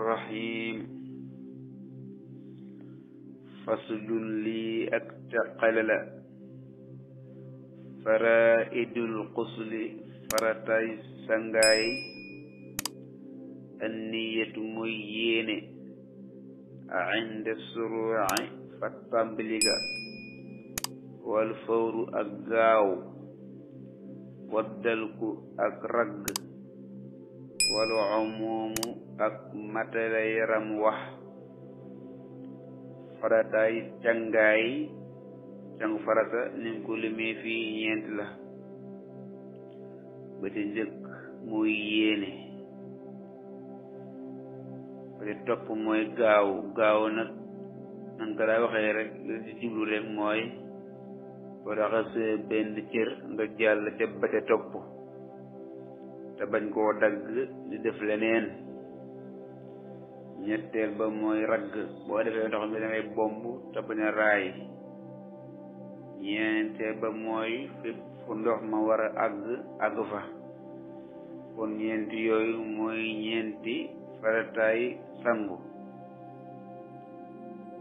rahim fasjud lii ak caqale la faraidul xusli faratay sangaay anniyatu mooy yéene inde suruci fa tàmbaliga wal fawru ak gaaw waddalku ak ragg wal umuumu ak matale yaram wax farataay cangaay cang farata nim ko limee fii ñeent la ba ca njëkk mooy yéene ba ca topp mooy gaaw gaaw nag nan ko daa rek li ci jublu rek mooy boo raxasee benn cër nga jàll ca ba ca topp te bañ koo dagg di def leneen ñetteel ba mooy ragg boo defee ndox mi dangay bomb te bañ raay ñeenteel ba mooy fépp fu ndox ma war a fa kon ñeenti yooyu mooy ñeenti farataay sangu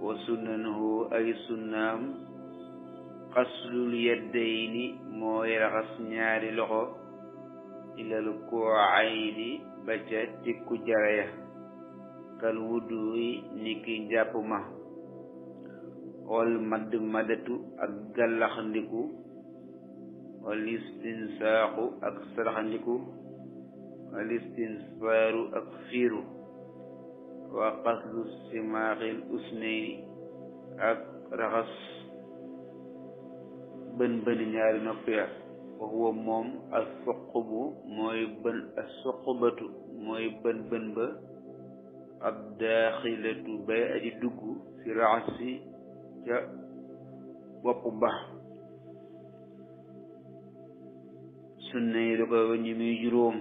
wa sunnanuhu ay sunnaam xaslul yeddayni mooy raxas ñaari loxo ilal kuucayni ba ca tikku jaraya kal wuduy ni ki njàpp ma wal madd madatu ak gàllaxndiku wal istinsaaxu ak saraxndiku wal istinsaaru ak fiiru wa qasdu simaaxil usnayni ak raxas bën bën ñaari nopp ya wa huwa moom as suqubu bën as suqubatu mooy bën bën ba ab daaxilatu bay aji dugg fi raasi ca bopp ba sunna yi da koy wàññi juróom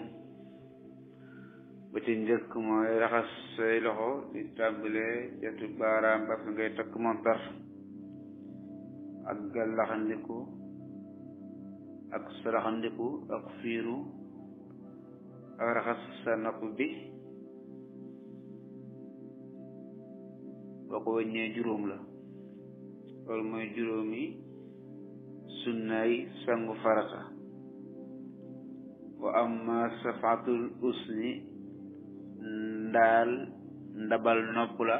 ba ca njëkk mooy raxas say loxo di tàmbalee jatu baaraam ba fi ngay takk montar ak gàllaxandiku ak saraxandiku ak fiiru ak raxas sa nopp bi boo ko wàññee juróom la loolu mooy juróomi sunnaay sangu farata wa amma safatul usni ndaal ndabal nopp la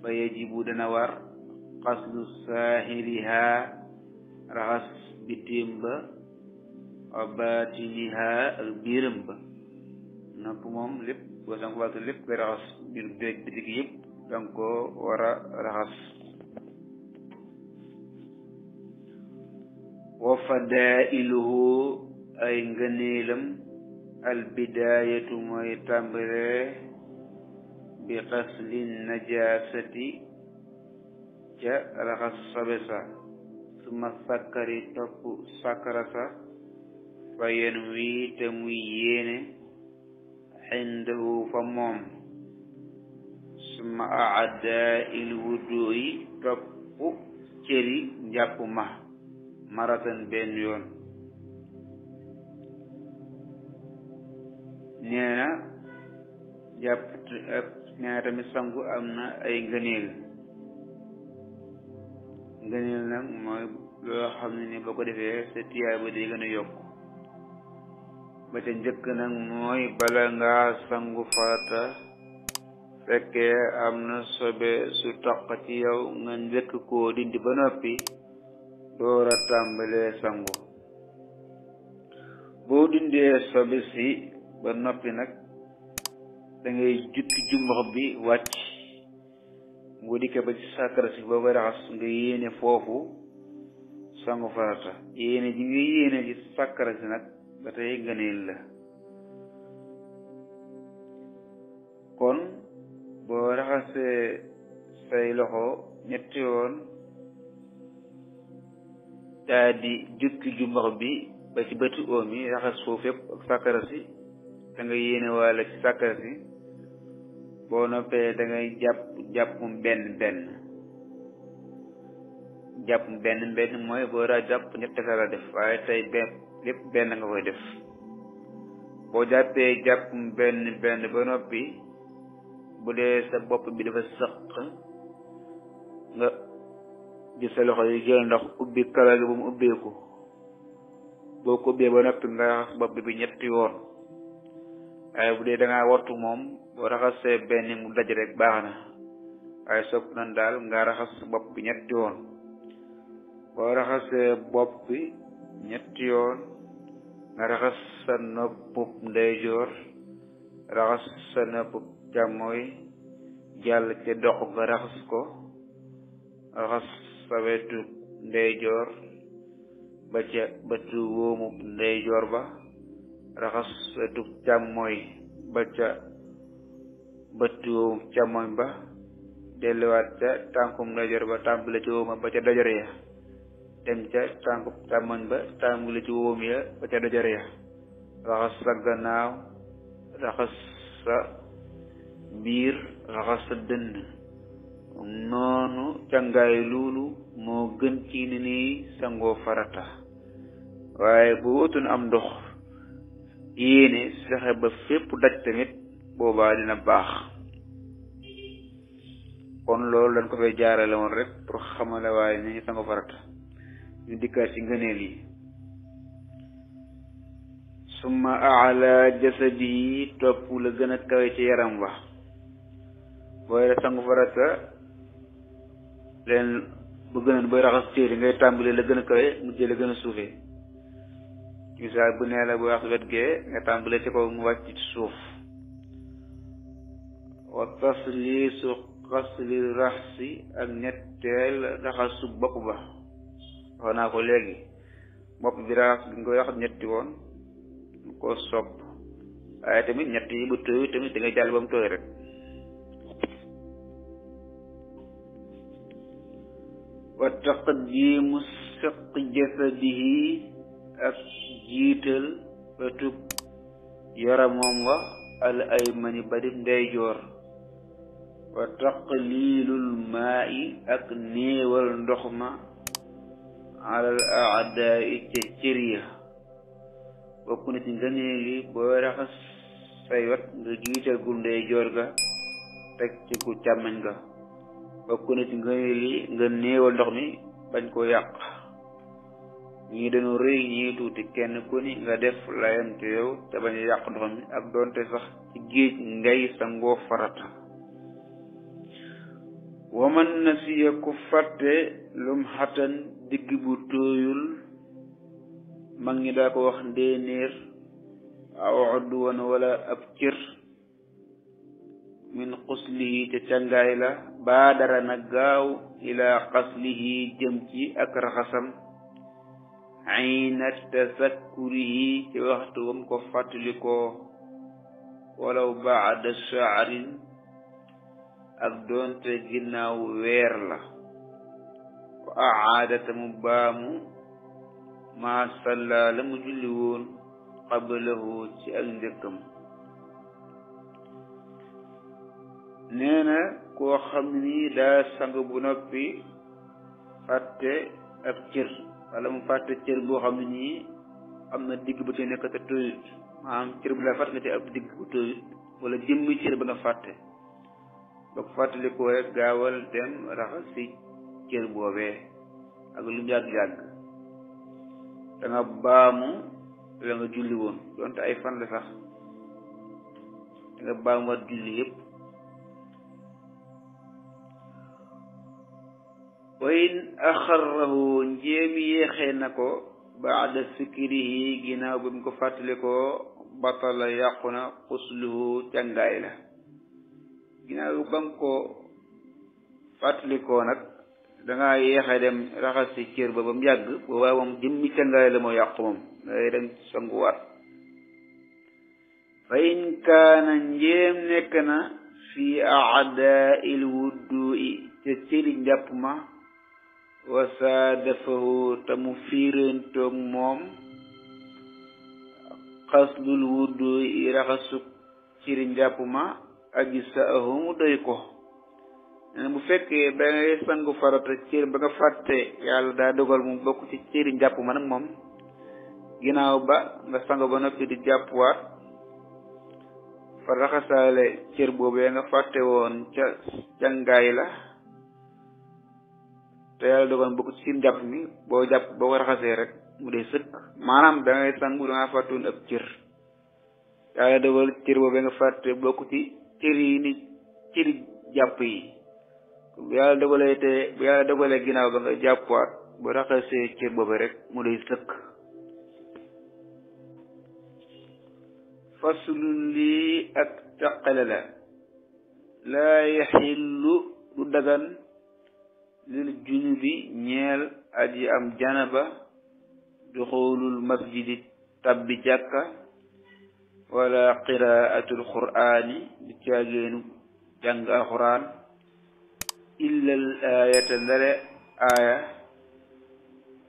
fa yajibu dana war xaslu saahiriha raxas bitim ba wa ak biiram ba nopp moom lépp boo sangu farata lépp koy raxas biir béeg danga ko war a raxas wa fadailuhu ay ngëneelam albidaayatu mooy tàmbalee bi xasli najaasati ca raxas sobe sa suma sakkari topp sakkara fa yen wii te muy yéene fa moom ma aada il wuduyi topp cëri njàpp ma maratan benn yoon nee na jàpp tamit sangu am na ay ngëneel ngëneel nag mooy loo xam ne ni boo ko defee sa tiyaaba day gën yokk ba ca njëkk nag mooy bala ngaa sangu farata fekkee am na sobe su toq ci yow nga njëkk koo dindi ba noppi door a tàmbalee sangu boo dindee sobe si ba noppi nag dangay ngay jukki bi wàcc ngu dikke ba ci sàkkara si ba koy raxas nga yéene foofu sangu farata yéene ji nga yéene ci sàkkara si nag ba tey ngëneel la kon raxas say loxo ñetti yoon daa di jukki jumbax bi ba ci bëti oom yi raxas foofu yëpp ak sàkkara si da nga yéene ci sàkkara si boo noppee da jàpp jàppum benn benn jàppum benn benn mooy boo daa jàpp ñett ka def waaye tey benn lépp benn nga koy def boo jàppee jàppum benn benn ba noppi bu dee sa bopp bi dafa sëq nga gis sa loxo yi jël ndax ubbi kala gi bu mu ubbeeku boo ko ubbee ba noppi nga raxas bopp bi ñetti yoon waaye bu dee dangaa wattu moom boo raxasee benn mu daj rek baax na waaye sopp na daal nga raxas bopp bi ñetti yoon boo bi ñetti nga raxas sa nopp ndeyjoor raxas sa nëpp càmmooy jàll ca dox ba raxas ko raxas sa wetu ndeyjoor ba ca bëtu wóomub ndeyjoor ba raxas sa wetu ba ca bëtu wóomub càmmooy ba delewaat ca tànkum ndeyjoor ba tàmbale ci wóoma ba ca dojoor ya dem ca tànkum càmmooñ ba tàmbale ci wóom ya ba ca dojoor ya raxas sa gannaaw raxas sa biir raxas sa dënn noonu càngaay loolu moo gën ci nii sangoo farata waaye bu wutun am ndox yéene fexe ba fépp daj tamit boobaa dina baax kon loolu dañ ko fay jaarale woon rek pour xamale waaye ni sangoo farata ñu dikkaat ci ngëneel yi summa ala jasadihi topp la gën a kawe ci yaram wa booy la sangu farata leen bu gënoon booy raxas téeri ngay tàmbalee la gën a kawe mujjee la gën a suufee ci misaal bu nee la booy wax wet gee nga tàmbalee ci kaw mu wàcc ci suuf wa tasliisu xasli raxsi ak ñetteel raxasu bopp ba wax naa ko léegi bopp bi raxas bi nga koy wax ñetti woon koo sopp waaye tamit ñett yi bu tooy tamit da ngay jàll ba mu tooy rek wa taqdimu saq jasadihi ak jiital bëtub yaramam wa al aymani badib ndeyjoor wa taqlilul maa ak néewal ndox ma alal aadaa i ca bokk na ci ngëneel li boo raxas say wat nga jiital gul ndeyjoor ga teg ci ku càmmañ ga bokk na ci ngëneel li nga néewal ndox mi bañ koo yàq ñii dañu rëy ñii tuuti kenn ku nga def layante yow te bañ a yàq ndox mi ak donte sax ci géej ngay sangoo farata waman na siya ku fàtte lum xatan digg bu tooyul mag ñi daa ko wax ndéenéer aw odduwan wala ab cër min xuslihi te càngaay la baadara na gaaw ilaa xaslihi jëm ci ak raxasam ayna tasakkurihi ci waxtu wam ko fàttalikoo walaw baada shaarin ak doonte ginnaaw weer la wa aadata mu baamu maa salla la mu julli woon qablahu ci ak njëkkam nee na koo xam ni daa sang bu noppi fàtte ab cër wala mu fàtte cër boo xam ne nii am na digg bu te nekk te tooyut maanaam cër bu la fàtte nga te ab digg bu tooyut wala jëmmi cër ba nga fàtte ba fàttalikoo rek gaawal dem raxas si cër boobee ak lu yàgg-yàgg da baamu la julli woon donte ay fan la sax da nga baamuwaat julli yépp wa in axarrahu njéem yéexee na ko baada yi ginnaaw bi mu ko fàttali ko batala yàqu na xusluhu càngaay la ginnaaw bi ko fàttalikoo nag da ngaa yéexe dem raxas si cër ba ba mu yàgg boobaa moom jëmmi cangaay la moo yàqu moom dangay dem sanguwaat fa in kaana njéem nekk na fi aadaa il wuddu i ca cëri njàpp ma wasaa dafahu te fiirantoog moom xaslul wuddu i raxasuk cëri njàpp ma aji sa ahu mu doy ko nee bu fekkee ba ngay sangu farata cër ba nga fàtte yàlla daa dogal mu bokk ci cëri njàpp ma moom ginnaaw ba nga sangu di jàpp waat fa raxasaale cër boobee fàtte woon ca jàngaay la te yàlla dogal bokk ci njàpp mi boo jàpp boo ko raxasee rek mu dee sëkk maanaam da ngay sangu da ngaa fàtte woon yàlla dogal cër boobee nga fàtte bokk ci yi ni cëri jàpp yi bu yàlla dogalee te bu yàlla dogalee ginnaaw ba nga jàppuwaat bu raxasee cër boobu rek mu lay sëkk faslun lii ak taqale la laa yaxillu du dagan lil junubi ñeel aji am janaba duxulul masjidi tabbi jàkka wala qiraatul quraani du caageenu jàng alxuraan illal ayata ndare aaya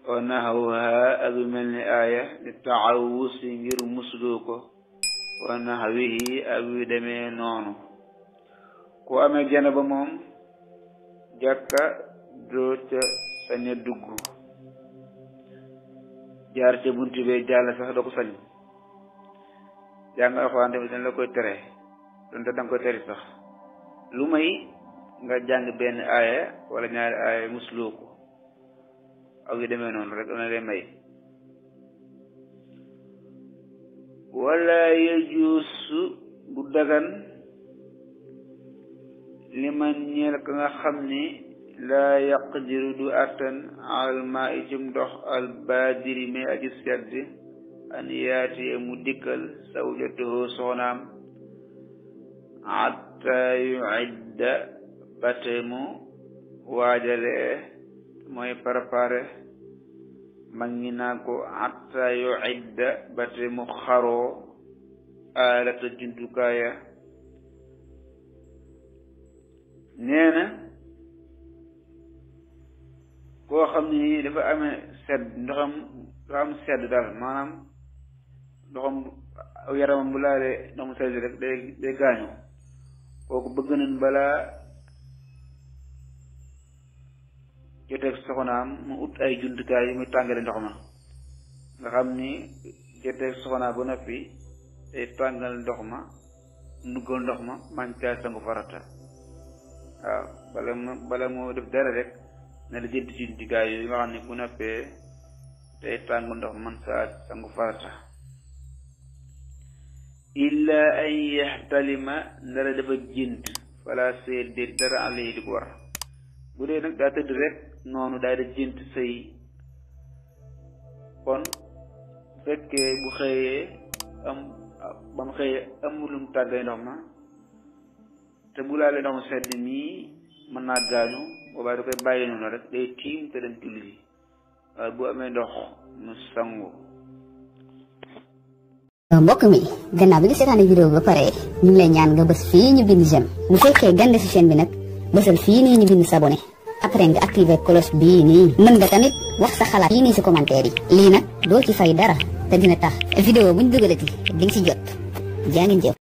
wa nahawha alu mel ni aaya li taawusi ngir musloo ko wa nahawihi ak yu demee noonu ku amee janaba moom jaar ca buntu bee jàll sax doo ko sañ jàng alxuraan tamit dañ koy tere danga koy tere sax lu may nga jàng benn aaya wala ñaari aaya musluu ko ak yu demee noonu rek dana lay may wala yajuusu du dagan li man ka nga xam ni laa yaqdiru du attan al maa i cim ndox al baadiri mais aji sedd an yaati e mu dikkal sawjatuhu soxnaam hatta yuidda ba mu waajale mooy préparé mag ñi ko hatta yu idda ba tey mu xaroo aalata jumtukaaya nee na xam ne nii dafa sedd ndoxam dafa am sedd daal maanaam ndoxam yaramam bu laalee ndoxam sedd rek day day gaañoo kooku bëgg nañ joteeg soxnaam mu ut ay jumtukaay ma nga xam ni joteeg soxnaa ba noppi ndox ma nuggal ndox ma man caa sangu farata waaw bala mu def dara rek na la jënd jumtukaay nga xam ne bu noppee day tàng ndox man saa sangu farata illa an yaxtalima ndara dafa jënd fala seet dara alay di ko war bu dee nag daa tëdd rek noonu daal di gént sëy kon bu fekkee bu xëyee am ba mu xëyee amul lu mu tàggay ndox ma te bu laalee ndox mu sedd mii mën naa gaañu boobaa da koy bàyyi noonu rek day tiim te dem julli waaye bu amee ndox mu sangu ah, mbokk mi gannaaw bi nga seetaane vidéo ba pare ñu lay ñaan nga bës fii ñu bind j'aime bu fekkee gande ci chaîne bi nag bësal fii nii ñu bind s'abonner après nga activer cloche bii nii mën nga tamit wax sa xalaat yii nii si commentaire yi lii nag doo ci fay dara te dina tax vidéo buñ dugalati di nga si jot jaa ngeen